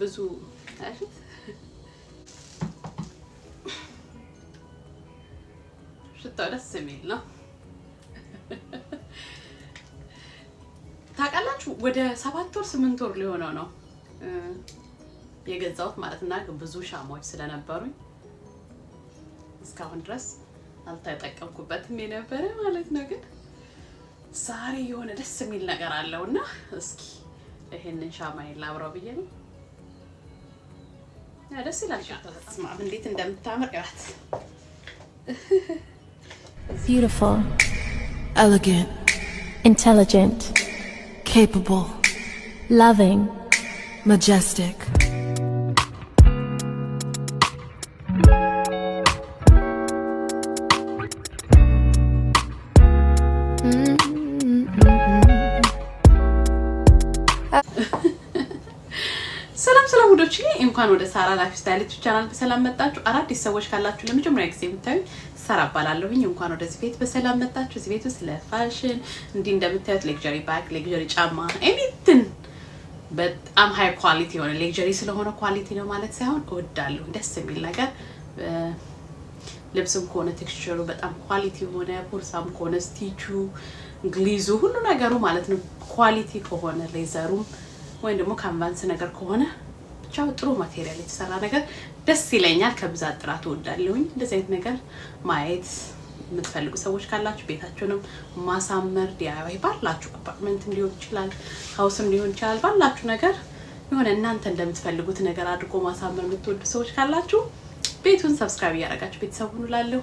ብዙ ሽታው ደስ የሚል ነው። ታውቃላችሁ ወደ ሰባት ወር ስምንት ወር ሊሆነው ነው የገዛሁት ማለት እና ብዙ ሻማዎች ስለነበሩኝ እስካሁን ድረስ አልተጠቀምኩበትም የነበረ ማለት ነው። ግን ዛሬ የሆነ ደስ የሚል ነገር አለው እና እስኪ ይሄንን ሻማ ላብረው ብዬ ነው ደስ ይላል። እንዴት እንደምታምር ያት beautiful elegant intelligent capable loving majestic እንኳን ወደ ሳራ ላይፍ ስታይል ዩቲዩብ ቻናል በሰላም መጣችሁ። አዳዲስ ሰዎች ካላችሁ ለመጀመሪያ ጊዜ የምታዩ ሳራ እባላለሁኝ። እንኳን ወደዚህ ቤት በሰላም መጣችሁ። እዚህ ቤት ስለ ፋሽን እንዲህ እንደምታዩት ሌክዠሪ ባግ፣ ሌክዠሪ ጫማ ኤኒትን በጣም ሀይ ኳሊቲ የሆነ ሌክዠሪ ስለሆነ ኳሊቲ ነው ማለት ሳይሆን እወዳለሁ። ደስ የሚል ነገር ልብስም ከሆነ ቴክስቸሩ በጣም ኳሊቲ የሆነ ቦርሳም ከሆነ ስቲቹ፣ ግሊዙ፣ ሁሉ ነገሩ ማለት ነው ኳሊቲ ከሆነ ሌዘሩም ወይም ደግሞ ካንቫንስ ነገር ከሆነ ብቻ ጥሩ ማቴሪያል የተሰራ ነገር ደስ ይለኛል። ከብዛት ጥራት እወዳለሁኝ። እንደዚህ አይነት ነገር ማየት የምትፈልጉ ሰዎች ካላችሁ ቤታችሁንም ማሳመር ዲአይዋይ ባላችሁ አፓርትመንትም ሊሆን ይችላል፣ ሀውስም ሊሆን ይችላል። ባላችሁ ነገር የሆነ እናንተ እንደምትፈልጉት ነገር አድርጎ ማሳመር የምትወዱ ሰዎች ካላችሁ ቤቱን ሰብስክራይብ እያደረጋችሁ ቤተሰብ ሁኑ እላለሁ።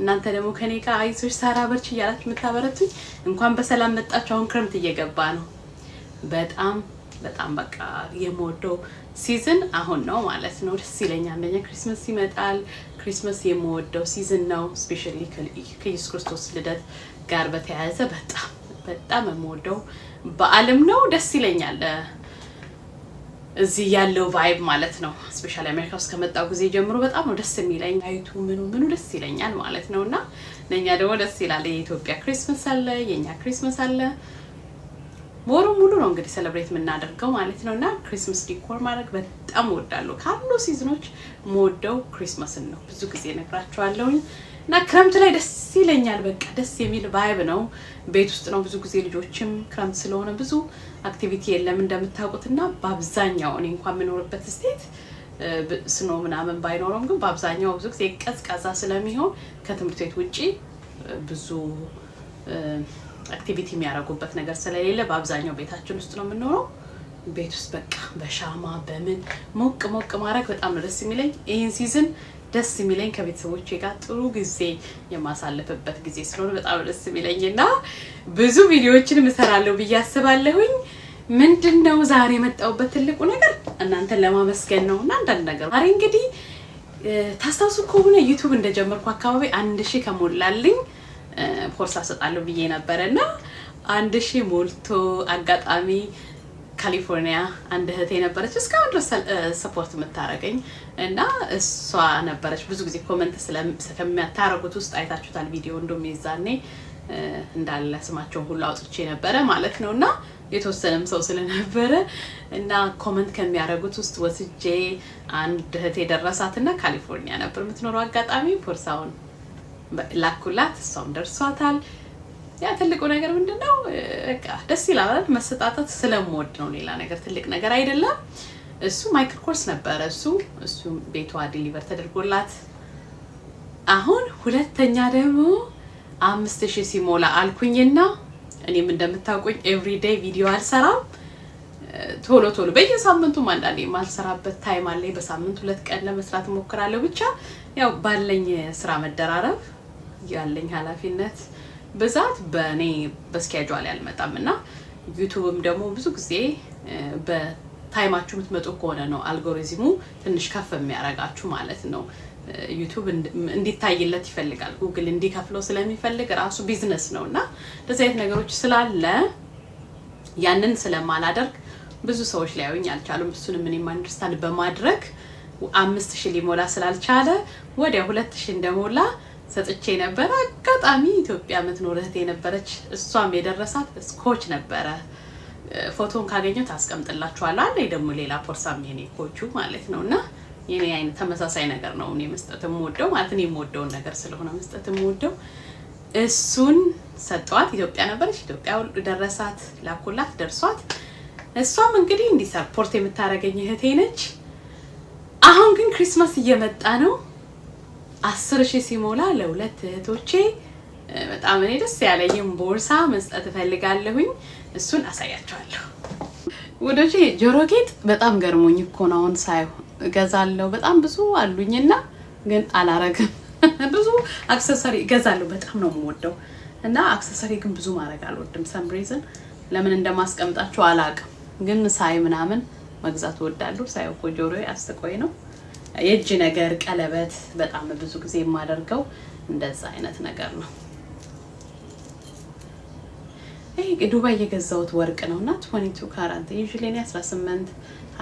እናንተ ደግሞ ከኔ ጋር አይዞሽ ሳራ በርች እያላችሁ የምታበረቱኝ እንኳን በሰላም መጣችሁ። አሁን ክረምት እየገባ ነው። በጣም በጣም በቃ የምወደው ሲዝን አሁን ነው ማለት ነው። ደስ ይለኛል። አንደኛ ክሪስመስ ይመጣል። ክሪስመስ የምወደው ሲዝን ነው። ስፔሻሊ ከኢየሱስ ክርስቶስ ልደት ጋር በተያያዘ በጣም በጣም የምወደው በዓልም ነው። ደስ ይለኛል እዚህ ያለው ቫይብ ማለት ነው። ስፔሻሊ አሜሪካ ውስጥ ከመጣው ጊዜ ጀምሮ በጣም ነው ደስ የሚለኝ። አይቱ ምኑ ምኑ ደስ ይለኛል ማለት ነው። እና ለእኛ ደግሞ ደስ ይላል። የኢትዮጵያ ክሪስመስ አለ፣ የእኛ ክሪስመስ አለ ወሩ ሙሉ ነው እንግዲህ ሴሌብሬት የምናደርገው ማለት ነው እና ክሪስማስ ዲኮር ማድረግ በጣም ወዳለው ካሉ ሲዝኖች የምወደው ክሪስማስን ነው፣ ብዙ ጊዜ እነግራቸዋለሁኝ። እና ክረምት ላይ ደስ ይለኛል። በቃ ደስ የሚል ቫይብ ነው። ቤት ውስጥ ነው ብዙ ጊዜ ልጆችም ክረምት ስለሆነ ብዙ አክቲቪቲ የለም እንደምታውቁት። እና በአብዛኛው እኔ እንኳን የምኖርበት ስቴት ስኖ ምናምን ባይኖረውም ግን በአብዛኛው ብዙ ጊዜ ቀዝቃዛ ስለሚሆን ከትምህርት ቤት ውጪ ። ብዙ አክቲቪቲ የሚያደርጉበት ነገር ስለሌለ በአብዛኛው ቤታችን ውስጥ ነው የምንኖረው። ቤት ውስጥ በቃ በሻማ በምን ሞቅ ሞቅ ማድረግ በጣም ነው ደስ የሚለኝ። ይህን ሲዝን ደስ የሚለኝ ከቤተሰቦቼ ጋር ጥሩ ጊዜ የማሳልፍበት ጊዜ ስለሆነ በጣም ደስ የሚለኝ እና ብዙ ቪዲዮዎችንም እሰራለሁ ብዬ አስባለሁኝ። ምንድን ነው ዛሬ የመጣሁበት ትልቁ ነገር እናንተን ለማመስገን ነው እና አንዳንድ ነገር ዛሬ እንግዲህ ታስታውሱ ከሆነ ዩቱብ እንደጀመርኩ አካባቢ አንድ ሺህ ከሞላልኝ ኮርስ አሰጣለሁ ብዬ ነበረ እና አንድ ሺህ ሞልቶ አጋጣሚ ካሊፎርኒያ አንድ እህቴ ነበረች እስካሁን ድረስ ሰፖርት የምታደርገኝ እና እሷ ነበረች። ብዙ ጊዜ ኮመንት ከሚያታረጉት ውስጥ አይታችሁታል ቪዲዮ እንደውም የዛኔ እንዳለ ስማቸውን ሁሉ አውጥቼ ነበረ ማለት ነው እና የተወሰነም ሰው ስለነበረ እና ኮመንት ከሚያደርጉት ውስጥ ወስጄ አንድ እህቴ የደረሳት እና ካሊፎርኒያ ነበር የምትኖረው አጋጣሚ ፖርሳውን ላኩላት፣ እሷም ደርሷታል። ያ ትልቁ ነገር ምንድን ነው? በቃ ደስ ይላል። መሰጣጣት ስለምወድ ነው፣ ሌላ ነገር ትልቅ ነገር አይደለም። እሱ ማይክል ኮርስ ነበረ። እሱ እሱ ቤቷ ዲሊቨር ተደርጎላት፣ አሁን ሁለተኛ ደግሞ አምስት ሺህ ሲሞላ አልኩኝና እኔም እንደምታውቁኝ ኤቭሪዴይ ቪዲዮ አልሰራም። ቶሎ ቶሎ በየሳምንቱም አንዳንዴ የማልሰራበት ታይም አለኝ። በሳምንት ሁለት ቀን ለመስራት እሞክራለሁ። ብቻ ያው ባለኝ ስራ መደራረብ ያለኝ ኃላፊነት ብዛት በእኔ በስኬጇ ላይ አልመጣም እና ዩቱብም ደግሞ ብዙ ጊዜ በታይማችሁ የምትመጡ ከሆነ ነው አልጎሪዝሙ ትንሽ ከፍ የሚያደርጋችሁ ማለት ነው። ዩቱብ እንዲታይለት ይፈልጋል፣ ጉግል እንዲከፍለው ስለሚፈልግ ራሱ ቢዝነስ ነው እና እንደዚህ አይነት ነገሮች ስላለ ያንን ስለማላደርግ ብዙ ሰዎች ሊያዩኝ አልቻሉም። እሱንም እኔም አንደርስታንድ በማድረግ አምስት ሺህ ሊሞላ ስላልቻለ ወዲያ ሁለት ሺህ እንደሞላ ሰጥቼ ነበረ። አጋጣሚ ኢትዮጵያ የምትኖር እህት የነበረች እሷም የደረሳት ስኮች ነበረ። ፎቶን ካገኘ ታስቀምጥላችኋለሁ። አለ ደግሞ ሌላ ፖርሳም የኔ ኮቹ ማለት ነው እና የኔ አይነት ተመሳሳይ ነገር ነው እኔ መስጠት የምወደው ማለት እኔ የምወደውን ነገር ስለሆነ መስጠት የምወደው እሱን ሰጠዋት። ኢትዮጵያ ነበረች። ኢትዮጵያ ደረሳት፣ ላኩላት፣ ደርሷት እሷም እንግዲህ እንዲህ ሰፖርት የምታደርገኝ እህቴ ነች። አሁን ግን ክሪስማስ እየመጣ ነው። አስር ሺህ ሲሞላ ለሁለት እህቶቼ በጣም እኔ ደስ ያለኝም ቦርሳ መስጠት እፈልጋለሁኝ። እሱን አሳያቸዋለሁ። ወደጂ ጆሮ ጌጥ በጣም ገርሞኝ እኮ ነው አሁን ሳይሆን እገዛለሁ። በጣም ብዙ አሉኝና ግን አላረግም። ብዙ አክሰሰሪ እገዛለሁ። በጣም ነው የምወደው እና አክሰሰሪ ግን ብዙ ማድረግ አልወድም። ሰምብሬዝን ለምን እንደማስቀምጣቸው አላቅም። ግን ሳይ ምናምን መግዛት እወዳለሁ። ሳይ እኮ ጆሮ አስቆይ ነው። የእጅ ነገር ቀለበት በጣም ብዙ ጊዜ የማደርገው እንደዛ አይነት ነገር ነው። ይሄ ዱባይ የገዛሁት ወርቅ ነው እና 22 ካራት ዩዥሊ እኔ 18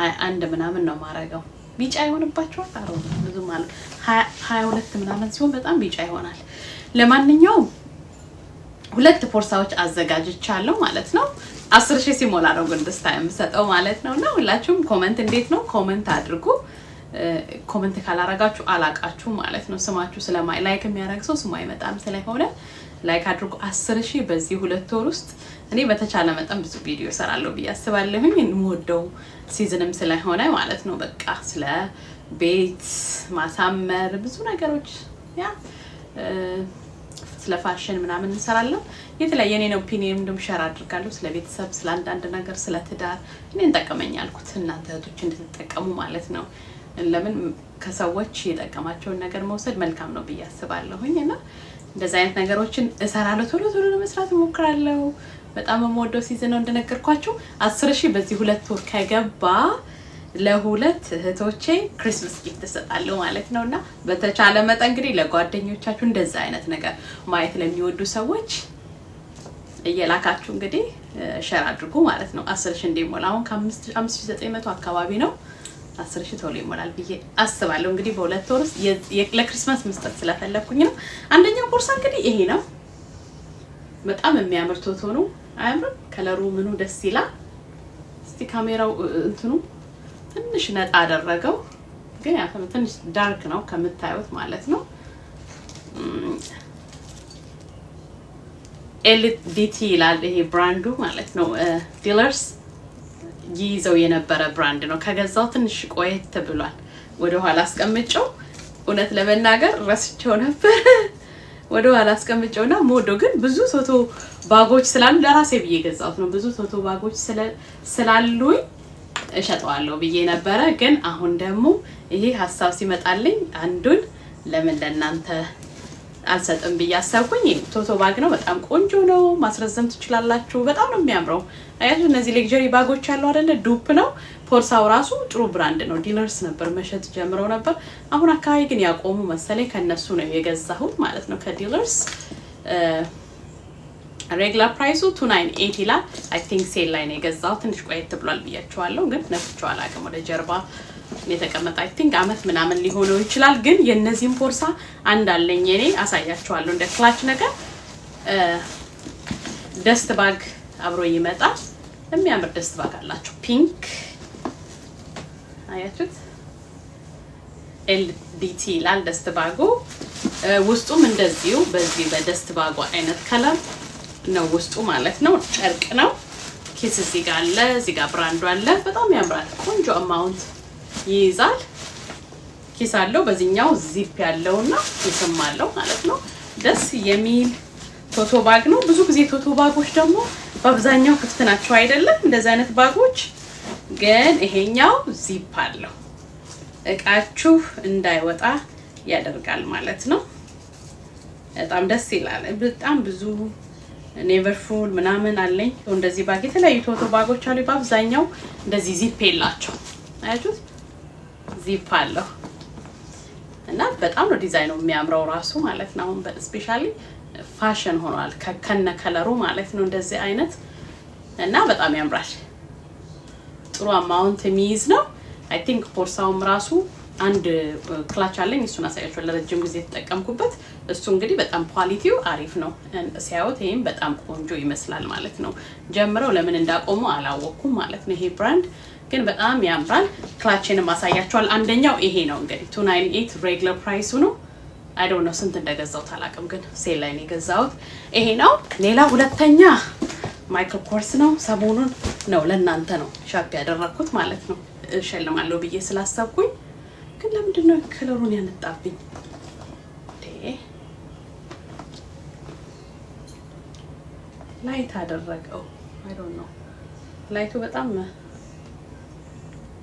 21 ምናምን ነው ማረገው። ቢጫ ይሆንባቸዋል። አሮ ብዙ ማለት 22 ምናምን ሲሆን በጣም ቢጫ ይሆናል። ለማንኛውም ሁለት ፖርሳዎች አዘጋጅቻለሁ ማለት ነው። 10000 ሲሞላ ነው ግን ደስታ የምሰጠው ማለት ነው። እና ሁላችሁም ኮመንት እንዴት ነው ኮመንት አድርጉ። ኮመንት ካላረጋችሁ አላቃችሁ ማለት ነው። ስማችሁ ስለማይ ላይክ የሚያደርግ ሰው ስሙ አይመጣም ስለሆነ ላይክ አድርጎ አስር ሺህ በዚህ ሁለት ወር ውስጥ እኔ በተቻለ መጠን ብዙ ቪዲዮ እሰራለሁ ብዬ አስባለሁኝ። ሲዝንም ስለሆነ ማለት ነው። በቃ ስለ ቤት ማሳመር ብዙ ነገሮች ያ ስለ ፋሽን ምናምን እንሰራለን። የተለያየ የኔን ኦፒኒየን እንደም ሸር አድርጋለሁ ስለ ቤተሰብ፣ ስለ አንዳንድ ነገር፣ ስለ ትዳር እኔ እንጠቀመኝ ያልኩት እናንተ እህቶች እንድትጠቀሙ ማለት ነው። ለምን ከሰዎች የጠቀማቸውን ነገር መውሰድ መልካም ነው ብዬ አስባለሁኝ እና እንደዚህ አይነት ነገሮችን እሰራለሁ። ቶሎ ቶሎ ለመስራት እሞክራለሁ። በጣም የምወደው ሲዝን ነው እንደነገርኳችሁ። አስር ሺህ በዚህ ሁለት ወር ከገባ ለሁለት እህቶቼ ክሪስማስ ጊፍት ትሰጣለሁ ማለት ነው እና በተቻለ መጠን እንግዲህ ለጓደኞቻችሁ እንደዛ አይነት ነገር ማየት ለሚወዱ ሰዎች እየላካችሁ እንግዲህ ሸር አድርጉ ማለት ነው። አስር ሺህ እንዲሞላ አሁን ከአምስት ሺህ ዘጠኝ መቶ አካባቢ ነው። አስር ሺህ ቶሎ ይሞላል ብዬ አስባለሁ። እንግዲህ በሁለት ወር ውስጥ ለክርስማስ መስጠት ስለፈለግኩኝ ነው። አንደኛው ቦርሳ እንግዲህ ይሄ ነው። በጣም የሚያምር ቶቶ ነው። አያምርም? ከለሩ ምኑ ደስ ይላል። እስቲ ካሜራው እንትኑ ትንሽ ነጣ አደረገው፣ ግን ያ ትንሽ ዳርክ ነው ከምታዩት ማለት ነው። ኤልዲቲ ይላል ይሄ ብራንዱ ማለት ነው። ዲለርስ ይይዘው የነበረ ብራንድ ነው። ከገዛው ትንሽ ቆየት ብሏል። ወደኋላ አስቀምጨው እውነት ለመናገር ረስቸው ነበር። ወደ ኋላ አስቀምጨውና ሞዶ ግን ብዙ ቶቶ ባጎች ስላሉ ለራሴ ብዬ ገዛሁት ነው። ብዙ ቶቶ ባጎች ስላሉኝ እሸጠዋለሁ ብዬ ነበረ። ግን አሁን ደግሞ ይሄ ሀሳብ ሲመጣልኝ አንዱን ለምን ለእናንተ አልሰጥም ብዬ አሰብኩኝ። ቶቶ ባግ ነው፣ በጣም ቆንጆ ነው። ማስረዘም ትችላላችሁ። በጣም ነው የሚያምረው። አያችሁ፣ እነዚህ ሌግጀሪ ባጎች ያለው አይደለ? ዱፕ ነው። ፖርሳው ራሱ ጥሩ ብራንድ ነው። ዲለርስ ነበር መሸጥ ጀምረው ነበር። አሁን አካባቢ ግን ያቆሙ መሰለኝ። ከነሱ ነው የገዛሁት ማለት ነው ከዲለርስ ሬግላር ፕራይሱ ቱ ናይን ኤይት ይላል። አይ ቲንክ ሴል ላይ ነው የገዛው። ትንሽ ቆየት ብሏል ብያቸዋለሁ፣ ግን ነፍቼው አላውቅም ወደ ጀርባ የተቀመጠ አይ ቲንክ አመት ምናምን ሊሆነው ይችላል። ግን የእነዚህም ቦርሳ አንድ አለኝ እኔ አሳያቸዋለሁ። እንደ ክላች ነገር ደስት ባግ አብሮ ይመጣል። የሚያምር ደስት ባግ አላቸው። ፒንክ አያችሁት? ኤልዲቲ ይላል ደስት ባጉ። ውስጡም እንደዚሁ በዚህ በደስት ባጉ አይነት ከለር ነው ውስጡ ማለት ነው። ጨርቅ ነው። ኪስ እዚህ ጋር አለ፣ እዚህ ጋር ብራንዱ አለ። በጣም ያምራል። ቆንጆ አማውንት ይይዛል። ኪስ አለው። በዚህኛው ዚፕ ያለውና ኪስም አለው ማለት ነው። ደስ የሚል ቶቶ ባግ ነው። ብዙ ጊዜ ቶቶ ባጎች ደግሞ በአብዛኛው ክፍት ናቸው አይደለም? እንደዚህ አይነት ባጎች ግን ይሄኛው ዚፕ አለው። እቃችሁ እንዳይወጣ ያደርጋል ማለት ነው። በጣም ደስ ይላል። በጣም ብዙ ኔቨርፉል ምናምን አለኝ። እንደዚህ ባግ የተለያዩ ቶቶ ባጎች አሉ። በአብዛኛው እንደዚህ ዚፕ የላቸው አያችሁት? ዚፕ አለው እና በጣም ነው ዲዛይኑ የሚያምረው ራሱ ማለት ነው። አሁን ስፔሻሊ ፋሽን ሆኗል ከነ ከለሩ ማለት ነው እንደዚህ አይነት እና በጣም ያምራል። ጥሩ አማውንት የሚይዝ ነው። አይ ቲንክ ቦርሳውም ራሱ አንድ ክላች አለኝ እሱን አሳያቸው ለረጅም ጊዜ የተጠቀምኩበት እሱ እንግዲህ በጣም ኳሊቲው አሪፍ ነው ሲያዩት፣ ይህም በጣም ቆንጆ ይመስላል ማለት ነው። ጀምረው ለምን እንዳቆሙ አላወቅኩም ማለት ነው ይሄ ብራንድ ግን በጣም ያምራል። ክላችን ማሳያቸዋል። አንደኛው ይሄ ነው እንግዲህ ቱ ናይን ኤት ሬግለር ፕራይሱ ነው። አይ ዶንት ኖ ስንት እንደገዛሁት አላውቅም፣ ግን ሴል ላይ ነው የገዛሁት። ይሄ ነው። ሌላ ሁለተኛ ማይክል ኮርስ ነው። ሰሞኑን ነው ለእናንተ ነው ሻፕ ያደረግኩት ማለት ነው እሸልማለሁ ብዬ ስላሰብኩኝ። ግን ለምንድን ነው ክለሩን ያነጣብኝ? ላይት አደረገው። አይ ዶንት ኖ ላይቱ በጣም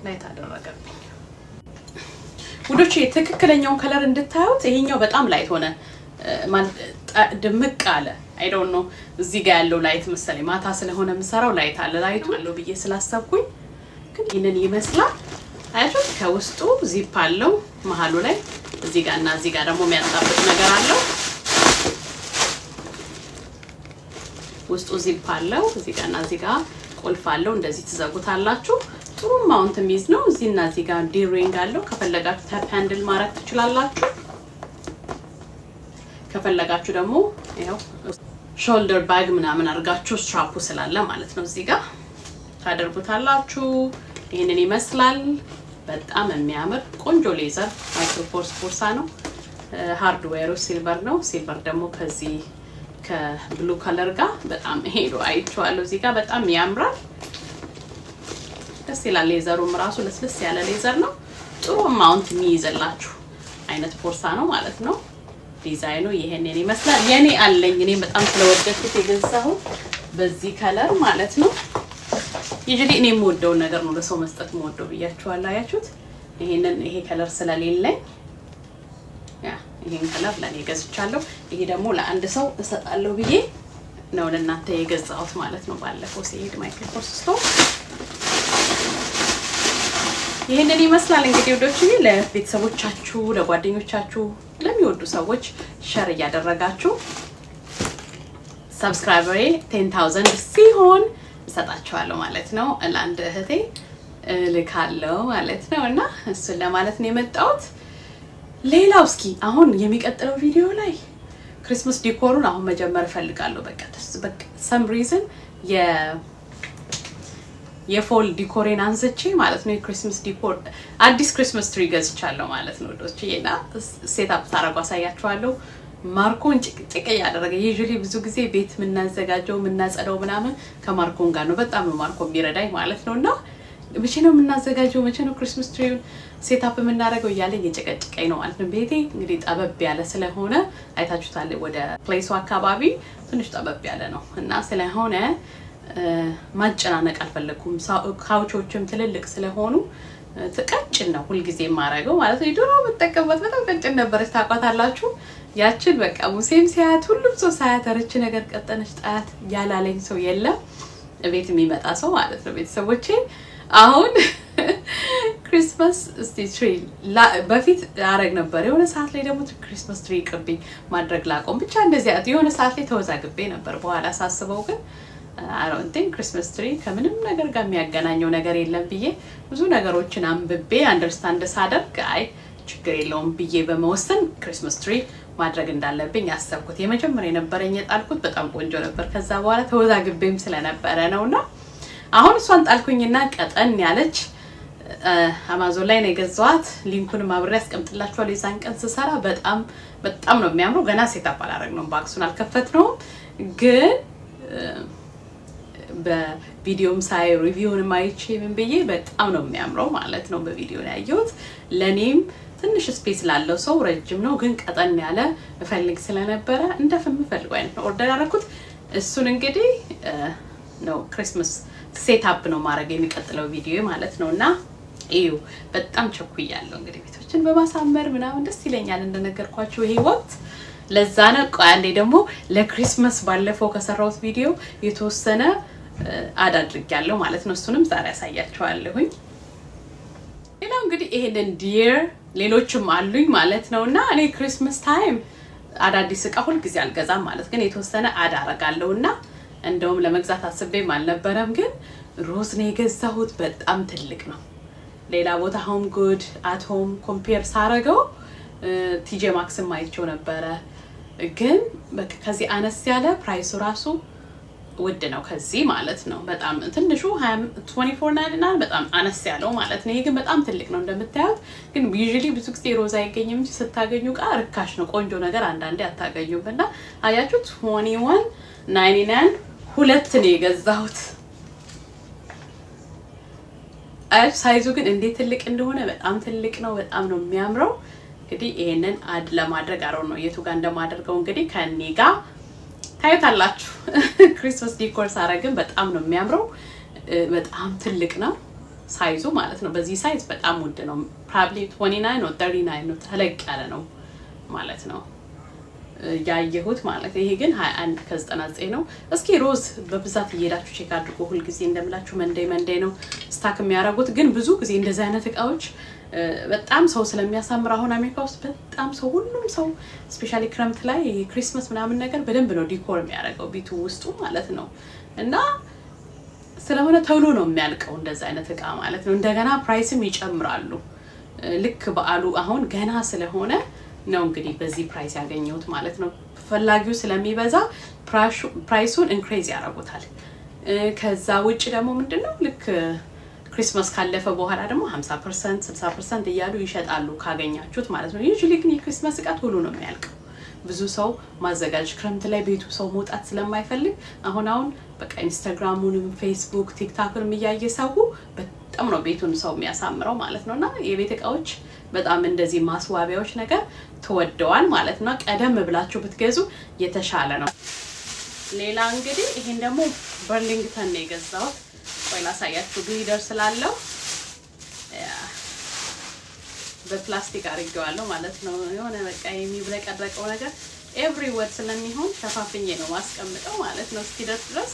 ናይት አደረገብኝ። ትክክለኛውን ከለር እንድታዩት ይሄኛው በጣም ላይት ሆነ ድምቅ አለ። አይ ዶንት ኖ እዚህ ጋር ያለው ላይት መሰለኝ ማታ ስለሆነ የምሰራው ላይት አለ። ላይቱ አለው ብዬ ስላሰብኩኝ ግን ይህንን ይመስላል። አያችሁት? ከውስጡ ዚፕ አለው መሀሉ ላይ እዚህ ጋር እና እዚህ ጋር ደግሞ የሚያጣብቅ ነገር አለው። ውስጡ ዚፕ አለው እዚህ ጋር እና እዚህ ጋር ቁልፍ አለው። እንደዚህ ትዘጉታላችሁ። ጥሩ ማውንት የሚይዝ ነው። እዚህ እና እዚህ ጋር ዲሪንግ አለው። ከፈለጋችሁ ታፕ ሃንድል ማድረግ ትችላላችሁ። ከፈለጋችሁ ደግሞ ይኸው ሾልደር ባግ ምናምን አድርጋችሁ ስትራፑ ስላለ ማለት ነው እዚህ ጋር ታደርጉታላችሁ። ይህንን ይመስላል። በጣም የሚያምር ቆንጆ ሌዘር ማይክሮፎርስ ቦርሳ ነው። ሃርድዌሩ ሲልቨር ነው። ሲልቨር ደግሞ ከዚህ ከብሉ ከለር ጋር በጣም ሄዶ አይቼዋለሁ። እዚህ ጋር በጣም ያምራል። ለስለስ ይላል። ሌዘሩም ራሱ ለስለስ ያለ ሌዘር ነው። ጥሩ አማውንት የሚይዝላችሁ አይነት ቦርሳ ነው ማለት ነው። ዲዛይኑ ይሄንን ይመስላል። የኔ አለኝ እኔ በጣም ስለወደድኩት የገዛሁት በዚህ ከለር ማለት ነው። እንግዲህ እኔ የምወደውን ነገር ነው ለሰው መስጠት የምወደው ብያችኋል። አያችሁት? ይሄንን ይሄ ከለር ስለሌለኝ ያ ይሄን ከለር ለኔ ገዝቻለሁ። ይሄ ደግሞ ለአንድ ሰው እሰጣለሁ ብዬ ነው ለእናንተ የገዛሁት ማለት ነው። ባለፈው ሲሄድ ማይክል ኮርስ ይህንን ይመስላል እንግዲህ ወዶች፣ ለቤተሰቦቻችሁ፣ ለጓደኞቻችሁ፣ ለሚወዱ ሰዎች ሸር እያደረጋችሁ ሰብስክራይበሬ ቴን ታውዘንድ ሲሆን እሰጣችኋለሁ ማለት ነው። ለአንድ እህቴ እልካለሁ ማለት ነው እና እሱን ለማለት ነው የመጣሁት። ሌላው እስኪ አሁን የሚቀጥለው ቪዲዮ ላይ ክሪስማስ ዲኮሩን አሁን መጀመር እፈልጋለሁ። በቃ ሰም ሪዝን የፎል ዲኮሬን አንስቼ ማለት ነው የክሪስማስ ዲኮር አዲስ ክሪስማስ ትሪ ገዝቻለሁ ማለት ነው ወዶች እና ሴታፕ ታረጉ አሳያችኋለሁ። ማርኮን ጭቅጭቅ ያደረገ ዩዥሊ ብዙ ጊዜ ቤት የምናዘጋጀው የምናጸደው ምናምን ከማርኮን ጋር ነው። በጣም ማርኮ የሚረዳኝ ማለት ነው እና መቼ ነው የምናዘጋጀው? መቼ ነው ክሪስማስ ትሪውን ሴታፕ የምናደርገው እያለ የጨቀጨቀኝ ነው ማለት ነው። ቤቴ እንግዲህ ጠበብ ያለ ስለሆነ አይታችሁታል። ወደ ፕሌሱ አካባቢ ትንሽ ጠበብ ያለ ነው እና ስለሆነ ማጨናነቅ አልፈለግኩም። ካውቾችም ትልልቅ ስለሆኑ ቀጭን ነው ሁልጊዜ የማረገው ማለት ነው። ድሮ የምጠቀምበት በጣም ቀጭን ነበረች፣ ታውቋታላችሁ። ያችን በቃ ሙሴም ሲያያት ሁሉም ሰው ሳያት ረች ነገር ቀጠነች ጣያት ያላለኝ ሰው የለም፣ ቤት የሚመጣ ሰው ማለት ነው። ቤተሰቦቼ አሁን ክሪስማስ እስቲ ትሪ በፊት አረግ ነበር። የሆነ ሰዓት ላይ ደግሞ ክሪስማስ ትሪ ቅቤ ማድረግ ላቆም ብቻ እንደዚያ የሆነ ሰዓት ላይ ተወዛግቤ ነበር። በኋላ ሳስበው ግን አሮንቲን ክሪስማስ ትሪ ከምንም ነገር ጋር የሚያገናኘው ነገር የለም ብዬ ብዙ ነገሮችን አንብቤ አንደርስታንድ ሳደርግ አይ ችግር የለውም ብዬ በመወሰን ክሪስማስ ትሪ ማድረግ እንዳለብኝ አሰብኩት። የመጀመሪያ የነበረኝ የጣልኩት በጣም ቆንጆ ነበር። ከዛ በኋላ ተወዛግቤም ስለነበረ ነውና አሁን እሷን ጣልኩኝና ቀጠን ያለች አማዞን ላይ ነው የገዛዋት። ሊንኩን አብሬ አስቀምጥላችኋለሁ። የዛን ቀን ስሰራ በጣም በጣም ነው የሚያምሩ። ገና ሴት አባላረግ ነው ባክሱን አልከፈት ነውም ግን በቪዲዮም ሳይ ሪቪውን አይቼ ምን ብዬ በጣም ነው የሚያምረው ማለት ነው። በቪዲዮ ላይ ያየሁት ለእኔም ትንሽ ስፔስ ላለው ሰው ረጅም ነው፣ ግን ቀጠን ያለ እፈልግ ስለነበረ እንደምፈልገው አይነት ነው ኦርደር ያደረኩት። እሱን እንግዲህ ነው ክሪስማስ ሴት አፕ ነው ማድረግ የሚቀጥለው ቪዲዮ ማለት ነው። እና በጣም ቸኩያለሁ እንግዲህ ቤቶችን በማሳመር ምናምን ደስ ይለኛል። እንደነገርኳቸው ይሄ ወቅት ለዛ ነው። አንዴ ደግሞ ለክሪስማስ ባለፈው ከሰራሁት ቪዲዮ የተወሰነ አድ ያለው ማለት ነው። እሱንም ዛሬ ያሳያችኋለሁኝ። ሌላው እንግዲህ ይሄንን ዲየር ሌሎችም አሉኝ ማለት ነው እና እኔ ክሪስማስ ታይም አዳዲስ እቃ ሁልጊዜ አልገዛም ማለት ግን የተወሰነ አድ አረጋለሁ እና እንደውም ለመግዛት አስቤም አልነበረም፣ ግን ሮዝ ነው የገዛሁት። በጣም ትልቅ ነው። ሌላ ቦታ ሆም ጉድ አት ሆም ኮምፔር ሳረገው ቲጄ ማክስም አይቸው ነበረ፣ ግን በቃ ከዚህ አነስ ያለ ፕራይሱ ራሱ ውድ ነው ከዚህ ማለት ነው። በጣም ትንሹ 24.99 በጣም አነስ ያለው ማለት ነው። ይሄ ግን በጣም ትልቅ ነው እንደምታዩት። ግን ዩዥሊ ብዙ ጊዜ ሮዝ አይገኝም እንጂ ስታገኙ ርካሽ ነው። ቆንጆ ነገር አንዳንዴ አታገኙም። እና አያችሁት 21.99 ሁለት ነው የገዛሁት። አያችሁ ሳይዙ ግን እንዴት ትልቅ እንደሆነ በጣም ትልቅ ነው። በጣም ነው የሚያምረው። እንግዲህ ይሄንን አድ ለማድረግ አረው ነው የቱ ጋር እንደማደርገው እንግዲህ ከኔ ጋር ታዩታላችሁ። ክሪስማስ ዲኮር ሳረግን በጣም ነው የሚያምረው። በጣም ትልቅ ነው ሳይዙ ማለት ነው። በዚህ ሳይዝ በጣም ውድ ነው። ፕሮባብሊ 29 ነው 39 ነው ተለቅ ያለ ነው ማለት ነው ያየሁት ማለት ይሄ ግን 21 ከ99 ነው። እስኪ ሮዝ በብዛት እየሄዳችሁ ቼክ አድርጎ ሁልጊዜ እንደምላችሁ መንደይ መንደይ ነው ስታክ የሚያደርጉት። ግን ብዙ ጊዜ እንደዚህ አይነት እቃዎች በጣም ሰው ስለሚያሳምር አሁን አሜሪካ ውስጥ በጣም ሰው ሁሉም ሰው ስፔሻሊ ክረምት ላይ ክሪስመስ ምናምን ነገር በደንብ ነው ዲኮር የሚያደርገው ቤቱ ውስጡ ማለት ነው እና ስለሆነ ተብሎ ነው የሚያልቀው እንደዚህ አይነት እቃ ማለት ነው። እንደገና ፕራይስም ይጨምራሉ ልክ በዓሉ አሁን ገና ስለሆነ ነው እንግዲህ በዚህ ፕራይስ ያገኘሁት ማለት ነው። ፈላጊው ስለሚበዛ ፕራይሱን ኢንክሬዝ ያደርጉታል። ከዛ ውጭ ደግሞ ምንድን ነው ልክ ክሪስማስ ካለፈ በኋላ ደግሞ 50 ፐርሰንት 60 ፐርሰንት እያሉ ይሸጣሉ ካገኛችሁት ማለት ነው። ዩዥሊ ግን የክሪስማስ እቃ ቶሎ ነው የሚያልቀው። ብዙ ሰው ማዘጋጅ ክረምት ላይ ቤቱ ሰው መውጣት ስለማይፈልግ አሁን አሁን በቃ ኢንስታግራሙንም ፌስቡክ ቲክታክንም እያየ ሰው በጣም ነው ቤቱን ሰው የሚያሳምረው ማለት ነው። እና የቤት እቃዎች በጣም እንደዚህ ማስዋቢያዎች ነገር ተወደዋል ማለት ነው። ቀደም ብላችሁ ብትገዙ የተሻለ ነው። ሌላ እንግዲህ ይህን ደግሞ በርሊንግተን ነው የገዛሁት ቆይ ላሳያችሁ። ግሊደር ስላለው በፕላስቲክ አድርጌዋለሁ ማለት ነው። የሆነ በቃ የሚብረቀረቀው ነገር ኤቭሪ ስለሚሆን ሸፋፍኜ ነው ማስቀምጠው ማለት ነው። እስኪደርስ ድረስ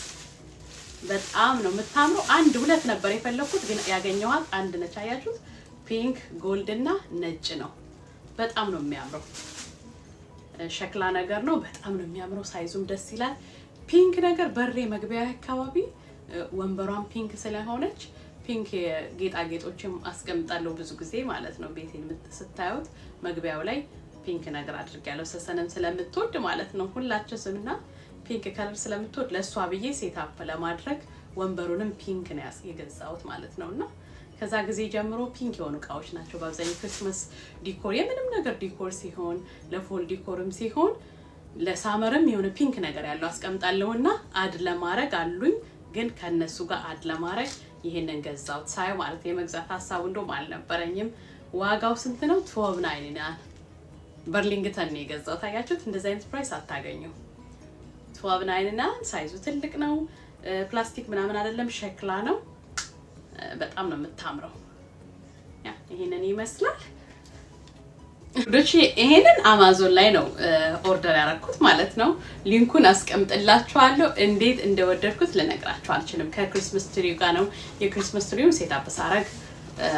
በጣም ነው የምታምረው። አንድ ሁለት ነበር የፈለኩት ግን ያገኘኋት አንድ ነች። አያችሁት? ፒንክ ጎልድ እና ነጭ ነው። በጣም ነው የሚያምረው። ሸክላ ነገር ነው። በጣም ነው የሚያምረው። ሳይዙም ደስ ይላል። ፒንክ ነገር በሬ መግቢያ አካባቢ ወንበሯን ፒንክ ስለሆነች ፒንክ ጌጣጌጦችም አስቀምጣለሁ ብዙ ጊዜ ማለት ነው። ቤቴን ስታዩት መግቢያው ላይ ፒንክ ነገር አድርጊያለሁ። ሰሰንም ስለምትወድ ማለት ነው ስምና ፒንክ ከለር ስለምትወድ ለእሷ ብዬ ሴት አፕ ለማድረግ ወንበሩንም ፒንክ ነው የገዛሁት ማለት ነው እና ከዛ ጊዜ ጀምሮ ፒንክ የሆኑ እቃዎች ናቸው በአብዛኛው ክርስትመስ ዲኮር የምንም ነገር ዲኮር ሲሆን ለፎል ዲኮርም ሲሆን ለሳመርም የሆነ ፒንክ ነገር ያለው አስቀምጣለሁ እና አድ ለማድረግ አሉኝ ግን ከነሱ ጋር አድ ለማድረግ ይሄንን ገዛሁት። ሳይ ማለት የመግዛት ሀሳቡ እንደውም አልነበረኝም። ዋጋው ስንት ነው? ትወብ ናይን በርሊንግተን ነው የገዛሁት። ታያችሁት፣ እንደዚህ አይነት ፕራይስ አታገኙ። ትወብ ናይን ሳይዙ ትልቅ ነው። ፕላስቲክ ምናምን አይደለም፣ ሸክላ ነው። በጣም ነው የምታምረው። ይህንን ይመስላል። ዶች ይሄንን አማዞን ላይ ነው ኦርደር ያደረኩት ማለት ነው። ሊንኩን አስቀምጥላችኋለሁ። እንዴት እንደወደድኩት ልነግራችሁ አልችልም። ከክሪስማስ ትሪው ጋር ነው። የክሪስማስ ትሪውን ሴት አፕ ሳረግ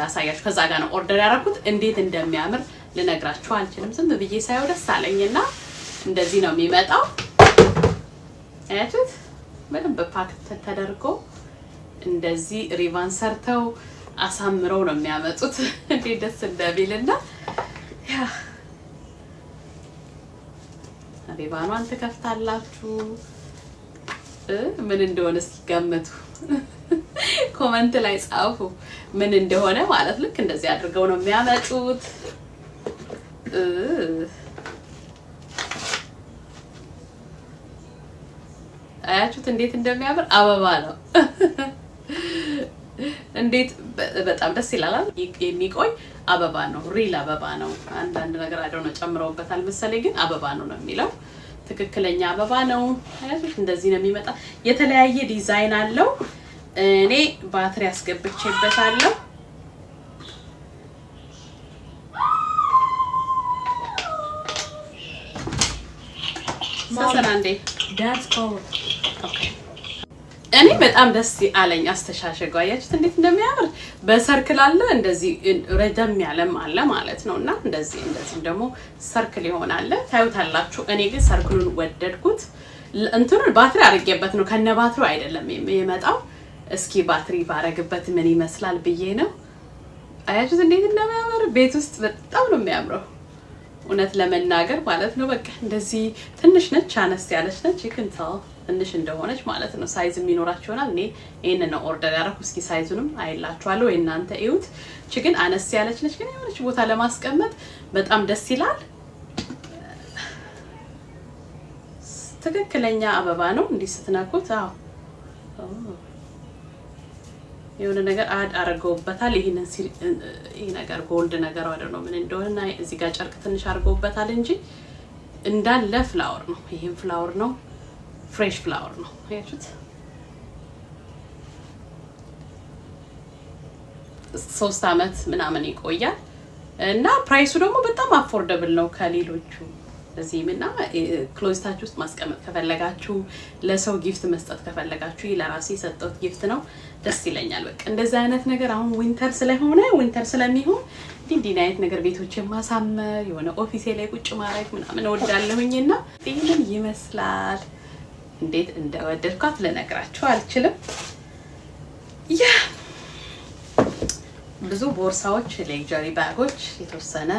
አሳያችሁ። ከዛ ጋር ነው ኦርደር ያደረኩት። እንዴት እንደሚያምር ልነግራችሁ አልችልም። ዝም ብዬ ሳየው ደስ አለኝና እንደዚህ ነው የሚመጣው። አያችሁት? በደንብ ፓክ ተደርጎ እንደዚህ ሪቫን ሰርተው አሳምረው ነው የሚያመጡት እንዴት ደስ እንደሚልና አቤባኗን ትከፍታላችሁ። ምን እንደሆነ እስኪገምቱ ኮመንት ላይ ጻፉ፣ ምን እንደሆነ ማለት ልክ እንደዚህ አድርገው ነው የሚያመጡት። አያችሁት እንዴት እንደሚያምር አበባ ነው። እንዴት በጣም ደስ ይላላል። የሚቆይ አበባ ነው፣ ሪል አበባ ነው። አንዳንድ ነገር አይደው ነው ጨምረውበታል መሰለኝ፣ ግን አበባ ነው ነው የሚለው ትክክለኛ አበባ ነው። እንደዚህ ነው የሚመጣ። የተለያየ ዲዛይን አለው። እኔ ባትሪ አስገብቼበታለሁ። ሰሰና እንዴ ዳትስ ኦኬ እኔ በጣም ደስ አለኝ አስተሻሸገው። አያችሁት እንዴት እንደሚያምር በሰርክል አለ እንደዚህ ረዘም ያለም አለ ማለት ነው። እና እንደዚህ እንደዚህ ደግሞ ሰርክል ይሆናል ታዩታላችሁ። እኔ ግን ሰርክሉን ወደድኩት። እንትኑን ባትሪ አድርጌበት ነው ከነ ባትሪ አይደለም የመጣው። እስኪ ባትሪ ባረግበት ምን ይመስላል ብዬ ነው። አያችሁት እንዴት እንደሚያምር ቤት ውስጥ በጣም ነው የሚያምረው እውነት ለመናገር ማለት ነው። በቃ እንደዚህ ትንሽ ነች፣ አነስ ያለች ነች። ይክንታው ትንሽ እንደሆነች ማለት ነው። ሳይዝ ይኖራችሁ ይሆናል። እኔ ይህን ነው ኦርደር ያደረኩ። እስኪ ሳይዙንም አይላችኋለሁ ወይ እናንተ እዩት። እች ግን አነስ ያለች ነች፣ ግን የሆነች ቦታ ለማስቀመጥ በጣም ደስ ይላል። ትክክለኛ አበባ ነው እንዲህ ስትነኩት። አዎ የሆነ ነገር አድ አድርገውበታል። ይህንን ይህ ነገር ጎልድ ነገር ወደ ነው ምን እንደሆነ እዚህ ጋር ጨርቅ ትንሽ አድርገውበታል እንጂ እንዳለ ፍላወር ነው። ይህም ፍላወር ነው። ፍሬሽ ፍላወር ነው ያችሁት። ሶስት አመት ምናምን ይቆያል እና ፕራይሱ ደግሞ በጣም አፎርደብል ነው ከሌሎቹ እዚህም እና ክሎዝታችሁ ውስጥ ማስቀመጥ ከፈለጋችሁ ለሰው ጊፍት መስጠት ከፈለጋችሁ ለራሴ የሰጠሁት ጊፍት ነው። ደስ ይለኛል። በቃ እንደዚህ አይነት ነገር አሁን ዊንተር ስለሆነ ዊንተር ስለሚሆን እንዲህ እንዲህ አይነት ነገር ቤቶችን ማሳመር የሆነ ኦፊሴ ላይ ቁጭ ማድረግ ምናምን እወዳለሁኝ እና ይህንን ይመስላል። እንዴት እንደወደድኳት ልነግራችሁ አልችልም። ያ ብዙ ቦርሳዎች፣ ሌግጀሪ ባጎች የተወሰነ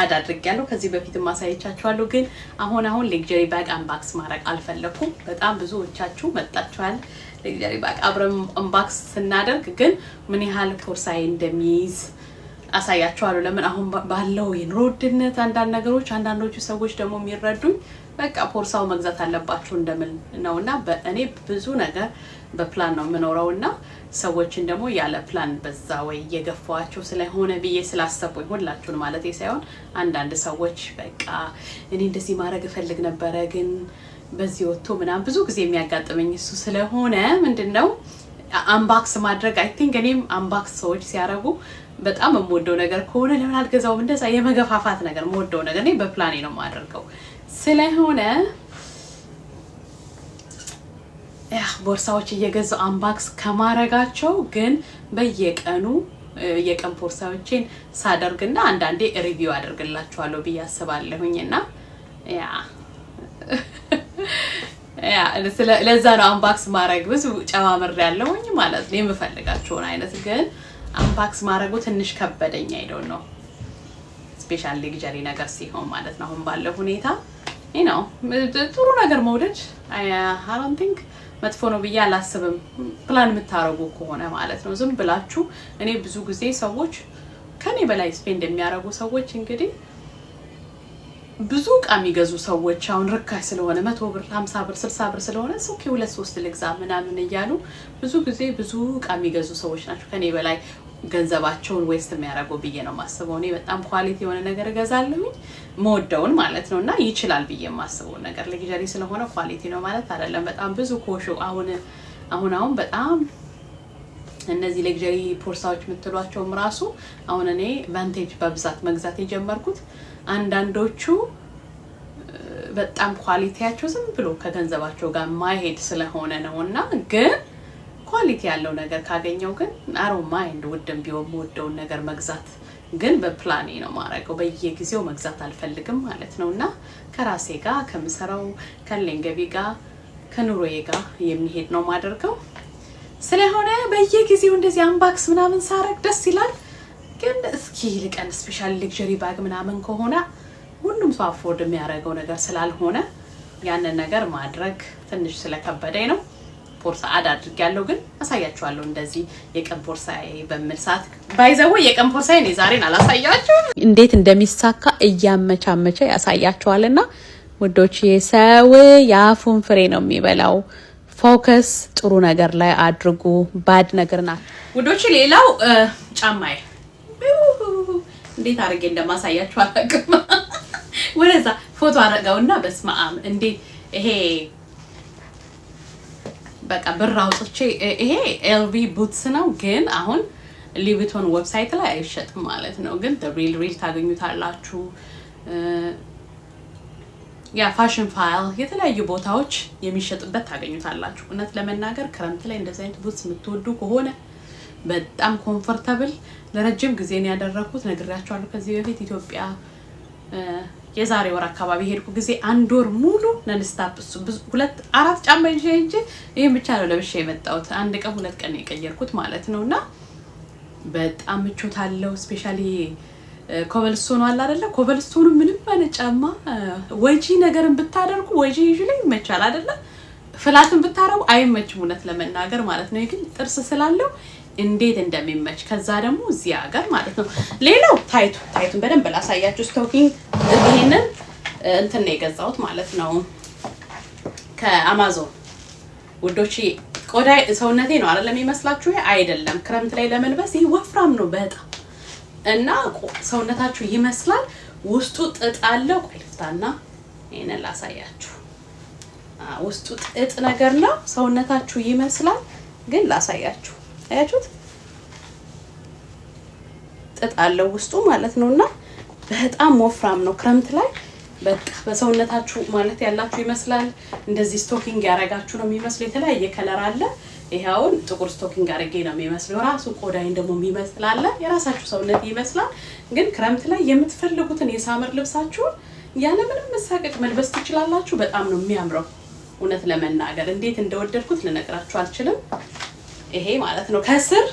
አድ አድርጌያለሁ። ከዚህ በፊት ማሳየቻችኋለሁ፣ ግን አሁን አሁን ሌግጀሪ ባግ አንባክስ ማድረግ አልፈለኩም። በጣም ብዙዎቻችሁ መጣችኋል። ሌግጀሪ ባግ አብረን አንባክስ ስናደርግ ግን ምን ያህል ቦርሳዬ እንደሚይዝ አሳያችኋለሁ። ለምን አሁን ባለው የኑሮ ውድነት አንዳንድ ነገሮች አንዳንዶቹ ሰዎች ደግሞ የሚረዱኝ በቃ ቦርሳው መግዛት አለባችሁ እንደምል ነው እና እኔ ብዙ ነገር በፕላን ነው የምኖረው እና ሰዎችን ደግሞ ያለ ፕላን በዛ ወይ እየገፋቸው ስለሆነ ብዬ ስላሰቡ ሁላችሁን ማለት ሳይሆን አንዳንድ ሰዎች በቃ እኔ እንደዚህ ማድረግ እፈልግ ነበረ ግን በዚህ ወጥቶ ምናምን ብዙ ጊዜ የሚያጋጥመኝ እሱ ስለሆነ ምንድን ነው አምባክስ ማድረግ አይ ቲንክ እኔም አምባክስ ሰዎች ሲያደርጉ በጣም የምወደው ነገር ከሆነ ለምን አልገዛውም እንደዛ የመገፋፋት ነገር የምወደው ነገር እኔ በፕላኔ ነው የማደርገው ስለሆነ ቦርሳዎች እየገዙ አምባክስ ከማረጋቸው ግን በየቀኑ የቀን ቦርሳዎችን ሳደርግና አንዳንዴ ሪቪው አደርግላችኋለሁ ብዬ አስባለሁኝ እና ያ ለዛ ነው አምባክስ ማድረግ ብዙ ጨማምር ያለውኝ ማለት ነው። የምፈልጋቸውን አይነት ግን አምባክስ ማድረጉ ትንሽ ከበደኝ አይደው ነው። ስፔሻል ሌግጀሪ ነገር ሲሆን ማለት ነው አሁን ባለው ሁኔታ ነው ጥሩ ነገር መውደድ አሮን ቲንክ መጥፎ ነው ብዬ አላስብም። ፕላን የምታደርጉ ከሆነ ማለት ነው። ዝም ብላችሁ እኔ ብዙ ጊዜ ሰዎች ከኔ በላይ ስፔንድ የሚያደርጉ ሰዎች እንግዲህ ብዙ እቃ የሚገዙ ሰዎች አሁን ርካሽ ስለሆነ መቶ ብር ሀምሳ ብር ስልሳ ብር ስለሆነ ሰው ሁለት ሶስት ልግዛ ምናምን እያሉ ብዙ ጊዜ ብዙ እቃ የሚገዙ ሰዎች ናቸው ከኔ በላይ ገንዘባቸውን ዌስት የሚያደርጉ ብዬ ነው የማስበው። እኔ በጣም ኳሊቲ የሆነ ነገር እገዛለሁኝ መወደውን ማለት ነው እና ይችላል ብዬ የማስበው ነገር ለግዠሪ ስለሆነ ኳሊቲ ነው ማለት አይደለም። በጣም ብዙ ኮሾ አሁን አሁን አሁን በጣም እነዚህ ለግዠሪ ቦርሳዎች የምትሏቸውም ራሱ አሁን እኔ ቫንቴጅ በብዛት መግዛት የጀመርኩት አንዳንዶቹ በጣም ኳሊቲያቸው ዝም ብሎ ከገንዘባቸው ጋር ማይሄድ ስለሆነ ነው እና ግን ኳሊቲ ያለው ነገር ካገኘው ግን አሮ ማይንድ ውድም ቢሆን የምወደውን ነገር መግዛት ግን በፕላኔ ነው ማድረገው። በየጊዜው መግዛት አልፈልግም ማለት ነው እና ከራሴ ጋር ከምሰራው ካለኝ ገቢ ጋር ከኑሮዬ ጋር የሚሄድ ነው ማደርገው ስለሆነ በየጊዜው እንደዚህ አንባክስ ምናምን ሳረግ ደስ ይላል። ግን እስኪ ልቀን ስፔሻል ሌክዥሪ ባግ ምናምን ከሆነ ሁሉም ሰው አፎርድ የሚያደርገው ነገር ስላልሆነ ያንን ነገር ማድረግ ትንሽ ስለከበደኝ ነው። ቦርሳ አድ አድርጌያለሁ፣ ግን አሳያችኋለሁ። እንደዚህ የቀን ቦርሳዬ በምል ሰዓት ባይዘው የቀን ቦርሳዬን ዛሬን አላሳያችሁም፣ እንዴት እንደሚሳካ እያመቻመቸ ያሳያችኋልና ውዶች፣ ሰው የአፉን ፍሬ ነው የሚበላው። ፎከስ ጥሩ ነገር ላይ አድርጉ፣ ባድ ነገር ናት። ውዶች፣ ሌላው ጫማዬ እንዴት አድርጌ እንደማሳያችሁ አላውቅም። ወደዛ ፎቶ አረጋውና በስመ አብ እንዴት ይሄ በቃ ብር አውጥቼ ይሄ ኤልቪ ቡትስ ነው፣ ግን አሁን ሊቪቶን ዌብሳይት ላይ አይሸጥም ማለት ነው። ግን ሪል ሪል ታገኙታላችሁ። ያ ፋሽን ፋይል የተለያዩ ቦታዎች የሚሸጥበት ታገኙታላችሁ። እውነት ለመናገር ክረምት ላይ እንደዚህ አይነት ቡትስ የምትወዱ ከሆነ በጣም ኮምፎርታብል ለረጅም ጊዜ ነው ያደረኩት። ነግሬያቸዋለሁ ከዚህ በፊት ኢትዮጵያ የዛሬ ወር አካባቢ ሄድኩ ጊዜ አንድ ወር ሙሉ ነንስታፕ ሁለት አራት ጫማ ይዤ እንጂ ይህም ብቻ ነው ለብሼ የመጣሁት። አንድ ቀን ሁለት ቀን የቀየርኩት ማለት ነው። እና በጣም ምቾት አለው። ስፔሻሊ ኮበልስቶን አለ አደለ? ኮበልስቶኑ ምንም አይነት ጫማ ወጂ ነገርን ብታደርጉ ወጂ ይዤ ላይ ይመቻል አደለ? ፍላትን ብታረቡ አይመችም እውነት ለመናገር ማለት ነው። ግን ጥርስ ስላለው እንዴት እንደሚመች ከዛ ደግሞ እዚህ ሀገር ማለት ነው። ሌላው ታይቱ ታይቱን በደንብ ላሳያችሁ። ስቶኪንግ ይሄንን እንትን ነው የገዛሁት ማለት ነው ከአማዞን ውዶች። ቆዳ ሰውነቴ ነው አይደለም ይመስላችሁ? አይደለም ክረምት ላይ ለመልበስ ይህ ወፍራም ነው በጣም እና ሰውነታችሁ ይመስላል ውስጡ ጥጥ አለው። ቆይ ልፍታና ላሳያችሁ። ውስጡ ጥጥ ነገር ነው ሰውነታችሁ ይመስላል ግን ላሳያችሁ አያችሁት? ጥጥ አለው ውስጡ ማለት ነው። እና በጣም ወፍራም ነው። ክረምት ላይ በቃ በሰውነታችሁ ማለት ያላችሁ ይመስላል። እንደዚህ ስቶኪንግ ያረጋችሁ ነው የሚመስለው። የተለያየ ከለር አለ። አሁን ጥቁር ስቶኪንግ አድርጌ ነው የሚመስለው። ራሱ ቆዳይን ደግሞ የሚመስል አለ። የራሳችሁ ሰውነት ይመስላል። ግን ክረምት ላይ የምትፈልጉትን የሳምር ልብሳችሁን ያለምንም መሳቀቅ መልበስ ትችላላችሁ። በጣም ነው የሚያምረው። እውነት ለመናገር እንዴት እንደወደድኩት ልነግራችሁ አልችልም። ይሄ ማለት ነው። ከስር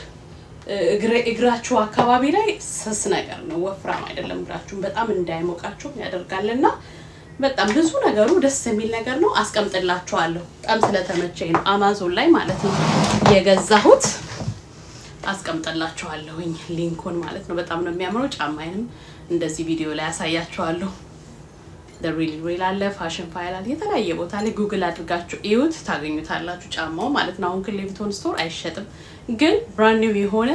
እግራችሁ አካባቢ ላይ ስስ ነገር ነው፣ ወፍራም አይደለም። እግራችሁን በጣም እንዳይሞቃችሁ ያደርጋልና በጣም ብዙ ነገሩ ደስ የሚል ነገር ነው። አስቀምጥላችኋለሁ። በጣም ስለተመቸኝ ነው አማዞን ላይ ማለት ነው የገዛሁት። አስቀምጥላችኋለሁኝ ሊንኩን ማለት ነው። በጣም ነው የሚያምረው። ጫማዬንም እንደዚህ ቪዲዮ ላይ ያሳያችኋለሁ። ሪል ሪል አለ፣ ፋሽን ፋይል አለ። የተለያየ ቦታ ላይ ጉግል አድርጋችሁ እዩት ታገኙታላችሁ። ጫማው ማለት ነው። አሁን ግን ሌቪቶን ስቶር አይሸጥም፣ ግን ብራንድ ኒው የሆነ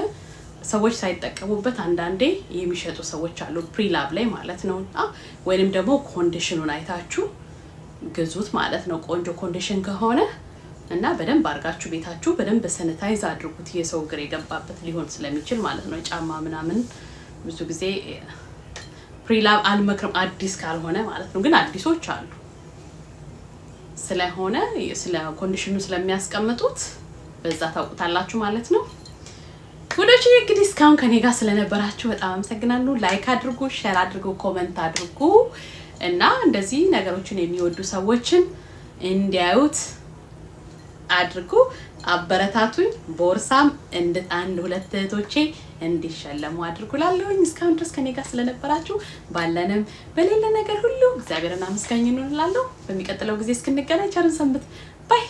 ሰዎች ሳይጠቀሙበት አንዳንዴ የሚሸጡ ሰዎች አሉ፣ ፕሪላብ ላይ ማለት ነው። እና ወይንም ደግሞ ኮንዲሽኑን አይታችሁ ግዙት ማለት ነው። ቆንጆ ኮንዲሽን ከሆነ እና በደንብ አድርጋችሁ ቤታችሁ በደንብ ሰነታይዝ አድርጉት። የሰው እግር የገባበት ሊሆን ስለሚችል ማለት ነው። ጫማ ምናምን ብዙ ጊዜ ፕሪላብ አልመክርም አዲስ ካልሆነ ማለት ነው። ግን አዲሶች አሉ ስለሆነ ስለ ኮንዲሽኑ ስለሚያስቀምጡት በዛ ታውቁታላችሁ ማለት ነው። ወዶች እንግዲህ እስካሁን ከኔ ጋር ስለነበራችሁ በጣም አመሰግናለሁ። ላይክ አድርጉ፣ ሼር አድርጉ፣ ኮመንት አድርጉ እና እንደዚህ ነገሮችን የሚወዱ ሰዎችን እንዲያዩት አድርጉ። አበረታቱኝ። ቦርሳም አንድ ሁለት እህቶቼ እንዲሸለሙ አድርጉላለሁኝ። እስካሁን ድረስ ከኔ ጋር ስለነበራችሁ ባለንም በሌለ ነገር ሁሉ እግዚአብሔርን አመስጋኝ እንሆንላለሁ። በሚቀጥለው ጊዜ እስክንገናኝ ቸርን ሰንብት ባይ